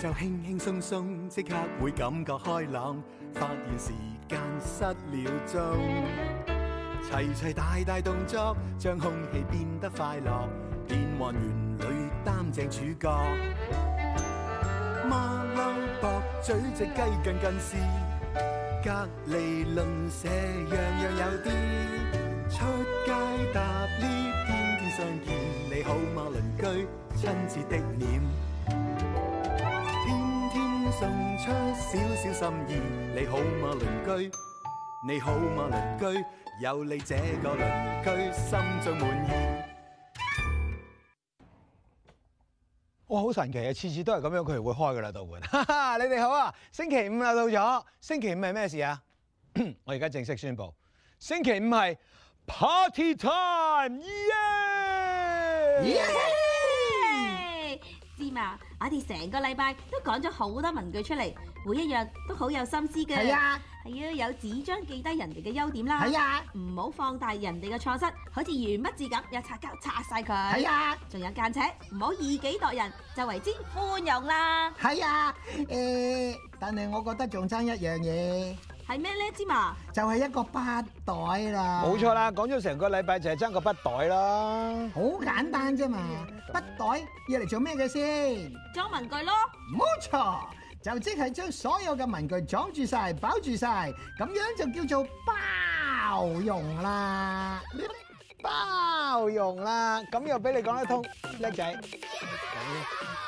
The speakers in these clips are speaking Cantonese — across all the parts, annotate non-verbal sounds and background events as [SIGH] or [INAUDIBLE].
就輕輕鬆鬆，即刻會感覺開朗，發現時間失了蹤。齊齊大大動作，將空氣變得快樂，變幻園裏擔正主角。孖騮搏嘴隻雞更近近視，隔籬鄰舍樣樣有啲。出街搭 lift，天天相見，你好嗎，鄰居？親切的臉。送出少少心意，你好嗎，鄰居？你好嗎，鄰居？有你這個鄰居，心最滿意。哇，好神奇啊！次次都係咁樣，佢哋會開噶啦，道門。哈哈，你哋好啊！星期五啊，到咗。星期五係咩事啊？ [COUGHS] 我而家正式宣布，星期五係 party time！耶、yeah! 耶 Yeah!、yeah!，是嘛？我哋成個禮拜都講咗好多文具出嚟，每一樣都好有心思嘅。係啊，係啊，有紙張記低人哋嘅優點啦。係啊，唔好放大人哋嘅錯失，好似鉛筆字咁，有擦膠擦晒佢。係啊，仲有間尺，唔好以己度人，就為之寬容啦。係啊，誒、欸，但係我覺得仲差一樣嘢。係咩咧？芝麻？就係一個筆袋啦。冇錯啦，講咗成個禮拜就係爭個筆袋啦。好簡單啫嘛，筆袋要嚟做咩嘅先？裝文具咯。冇錯，就即係將所有嘅文具裝住晒、包住晒，咁樣就叫做包容啦。包容啦，咁又俾你講得通，叻仔。Yeah!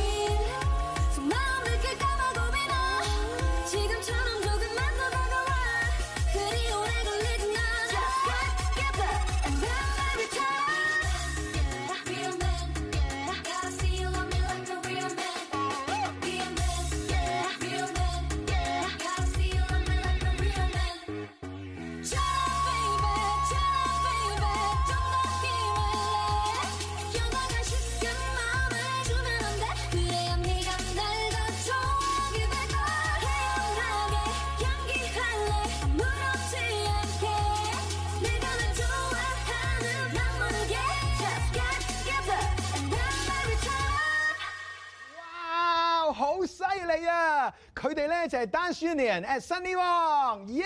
一齊係 Dance Union at Sunny Wong，耶！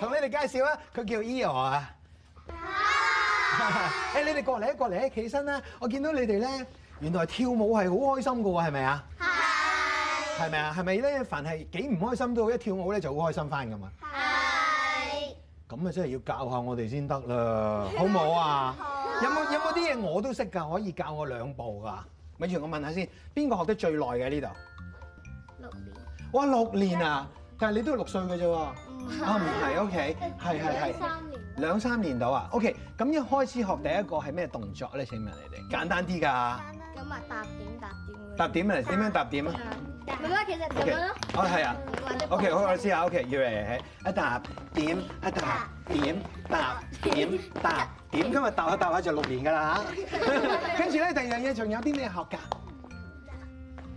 同你哋介紹他、e、啊，佢叫 Eo 啊。係。你哋過嚟一過嚟啊，起身啦！我見到你哋咧，原來跳舞係好開心噶喎，係咪啊？係 Hi.。係咪啊？係咪咧？凡係幾唔開心都好，一跳舞咧就好開心翻噶嘛。係。咁啊，真係要教下我哋先得啦，好唔 [LAUGHS] 好啊？有冇有冇啲嘢我都識噶，可以教我兩步噶？咪住，我問下先，邊個學得最耐嘅呢度？六年，哇六年啊！但係你都係六歲嘅啫喎，啊唔係，OK，係係係，兩三年，兩三年到啊，OK，咁一開始學第一個係咩動作咧？請問你哋簡單啲㗎，咁搭點搭點，搭點嚟！點樣揼點啊？唔係，其實點樣咯？哦係啊，OK，好，我試下，OK，嚟，一揼點，一搭點，搭點，搭點，今日搭下搭下就六年㗎啦，跟住咧第二樣嘢仲有啲咩學㗎？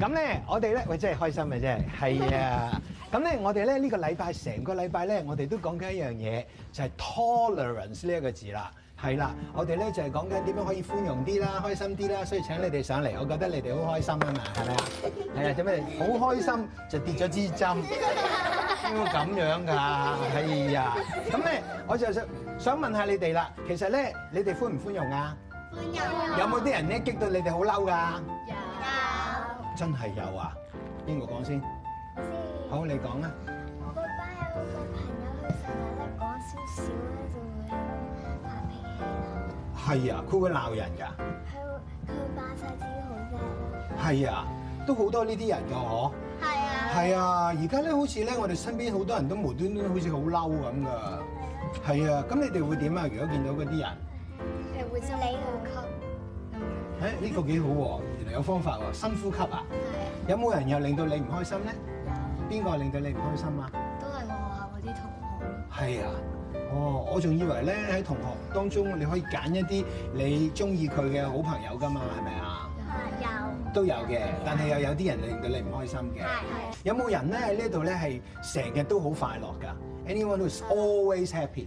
咁咧，我哋咧，喂真係開心嘅啫。係啊，咁咧，我哋咧呢個禮拜成個禮拜咧，我哋都講緊一樣嘢，就係 tolerance 呢一個字啦。係啦，我哋咧就係講緊點樣可以寬容啲啦，開心啲啦，所以請你哋上嚟。我覺得你哋好開心啊嘛，係咪啊？係啊，做咩好開心就跌咗支針？點會咁樣㗎？係啊！咁咧，我就想想問下你哋啦。其實咧，你哋寬唔寬容啊？寬容。有冇啲人咧激到你哋好嬲㗎？有。真係有啊？邊個講先？的好，你講啦。我嗰班有個朋友去食，難得講少少咧就會發脾氣啦。係啊，佢會鬧人噶。佢佢扮晒自己好靚咯。係啊，都好多呢啲人噶嗬。係的啊。係啊，而家咧好似咧，我哋身邊好多人都無端端好似好嬲咁噶。係的啊。係啊，咁你哋會點啊？如果見到嗰啲人？係會憎你，會急。誒、嗯、呢、欸這個幾好喎、啊。 [LAUGHS] 有方法喎，深呼吸啊！係啊，有冇人又令到你唔開心咧？邊個有令到你唔開心啊？都係我學校嗰啲同學咯。係啊，哦，我仲以為咧喺同學當中，你可以揀一啲你中意佢嘅好朋友㗎嘛，係咪啊？都有嘅，嗯、但係又有啲人令到你唔開心嘅。嗯嗯、有冇人咧喺呢度咧係成日都好快樂㗎？Anyone who's always happy？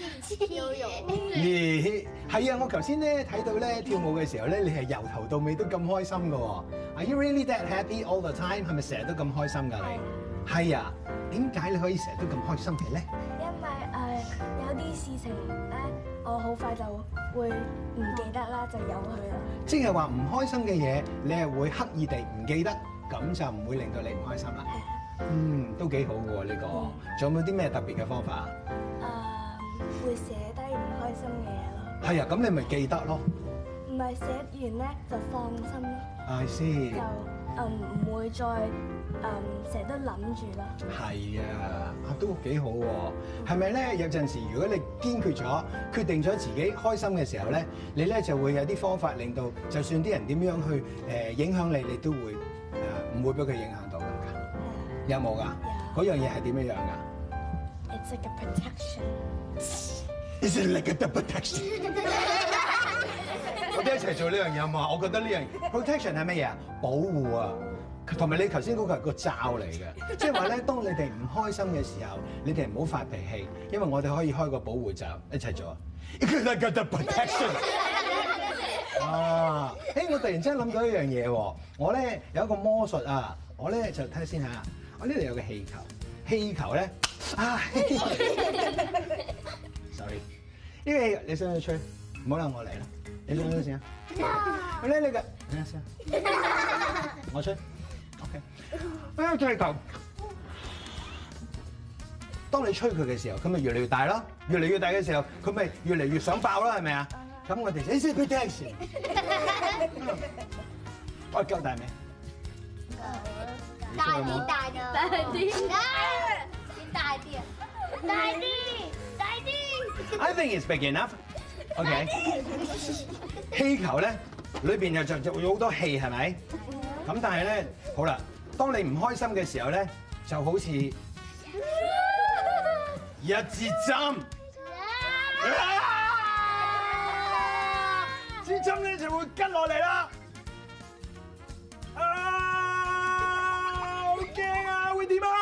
唔知都有。咦、嗯，係啊！我頭先咧睇到咧、嗯、跳舞嘅時候咧，你係由頭到尾都咁開心㗎喎。Are you really that happy all the time？係咪成日都咁開心㗎？你係啊？點解你可以成日都咁開心嘅咧？啲事情咧，我好快就會唔記得啦，就由佢啦。即係話唔開心嘅嘢，你係會刻意地唔記得，咁就唔會令到你唔開心啦。係啊，嗯，都幾好嘅喎呢個。仲有冇啲咩特別嘅方法啊？誒，會寫低唔開心嘅嘢咯。係啊，咁你咪記得咯。唔係寫完咧就放心咯。係先。嗯，唔會再嗯成日都諗住咯。係啊，啊都幾好喎。係咪咧？有陣時，如果你堅決咗，決定咗自己開心嘅時候咧，你咧就會有啲方法令到，就算啲人點樣去誒影響你，你都會啊唔會俾佢影響到咁㗎？有冇㗎？嗰樣嘢係點樣樣㗎？It's like a protection. 一齊做呢樣嘢嘛？我覺得呢樣嘢，protection 係乜嘢啊？保護啊，同埋你頭先嗰個係個罩嚟嘅，即係話咧，當你哋唔開心嘅時候，你哋唔好發脾氣，因為我哋可以開個保護罩一齊做。You can have got the protection。啊，誒，我突然之間諗到一樣嘢喎，我咧有一個魔術啊，我咧就睇下先嚇，我呢度有個氣球，氣球咧啊 [LAUGHS] [LAUGHS] ，sorry，呢個 [LAUGHS] 你想去吹。唔好啦，我嚟啦，你做咩先啊？我咧 No. 你嘅，等下先啊！ [LAUGHS] 我吹，OK，我有氣球。當你吹佢嘅時候，佢咪越嚟越大咯，越嚟越大嘅時候，佢咪越嚟越想爆咯，係咪啊？咁、uh，我哋先，你先俾大聲。我夠大咩、uh, uh,？大啲、 [LAUGHS] ah, 大啲， [LAUGHS] 大啲，大啲，大啲，大啲。I think it's big enough. O Okay . K，點氣球咧裏邊又就就有好多氣，係咪？咁 [LAUGHS] 但係咧，好啦，當你唔開心嘅時候咧，就好似一支針，支 [LAUGHS] 針咧就會跟落嚟啦。啊，好驚啊！會點啊？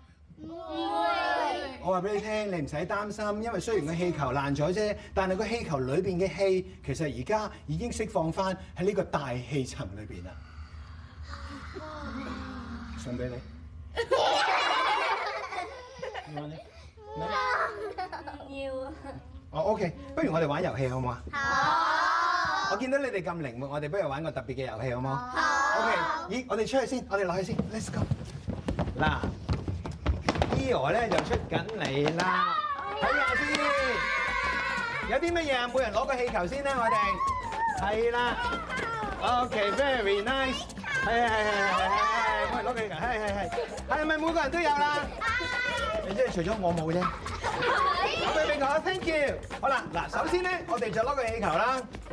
我話俾你聽，你唔使擔心，因為雖然個氣球爛咗啫，但係個氣球裏邊嘅氣其實而家已經釋放翻喺呢個大氣層裏邊啦。送俾你。要啊。哦，OK，不如我哋玩遊戲好唔好啊？好。我見到你哋咁靈活，我哋不如玩個特別嘅遊戲好唔好？好。OK。咦，我哋出去先，我哋落去先，Let's go。嗱。呢個咧就出緊嚟啦，睇下先，有啲乜嘢啊？每人攞個氣球先啦，我哋係啦，OK，very nice，係係係係係，每人攞個氣球，係係係，係咪每個人都有啦？你即係除咗我冇啫，各位同學，thank you。好啦，嗱，首先咧，我哋就攞個氣球啦。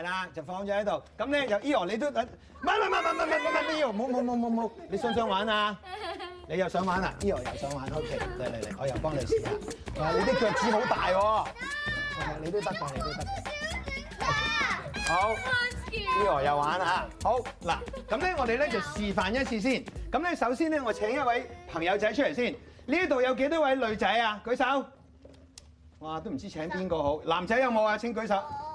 係啦，就放咗喺度。咁咧就 Eo，你都唔，唔唔唔唔唔唔唔，Eo，唔唔唔唔你想唔想玩啊？你又想玩啊？Eo 又想玩，OK。嚟嚟嚟，我又幫你試下。哇，你啲腳趾好大喎。你都得放你啲筆。好。Eo 又玩啊！好嗱，咁咧我哋咧就示範一次先。咁咧首先咧我請一位朋友仔出嚟先。呢度有幾多位女仔啊？舉手。哇，都唔知請邊個好。男仔有冇啊？請舉手。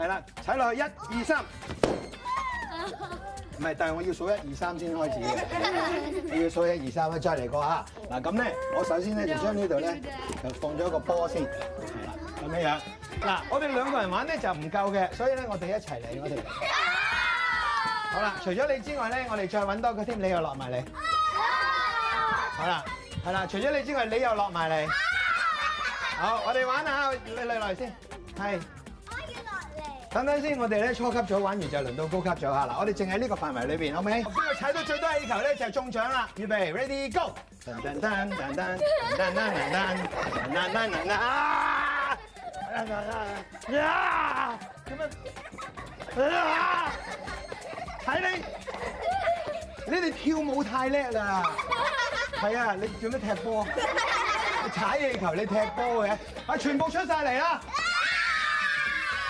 係啦，踩落去，一、二、三，唔係，但係我要數一、二、三先開始嘅，要數 1, 2, 3, 一、二好、三，再嚟過吓。嗱咁咧，我首先咧就將呢度咧就放咗個波先，係啦，咁樣好樣。嗱好，我哋兩個人玩咧就唔夠嘅，所以咧我哋一齊嚟，我哋。啊、好啦，除咗你之外咧，我哋再搵多個添，你又落埋嚟。啊、好啦，啦，除咗你之外，你又落埋嚟。啊、好，我哋玩下，你嚟先，係。等等先，我哋咧初級組玩完就輪到高級組下，嗱，我哋淨喺呢個範圍裏面，好唔好？邊個踩到最多氣球咧就中獎啦！預備，Ready, Go！噔噔噔噔噔噔噔噔噔噔噔噔啊！啊啊啊啊啊！啊！睇你，你哋跳舞太叻啦！係啊，你做咩踢波？踩氣球你踢波嘅，啊全部出晒嚟啦！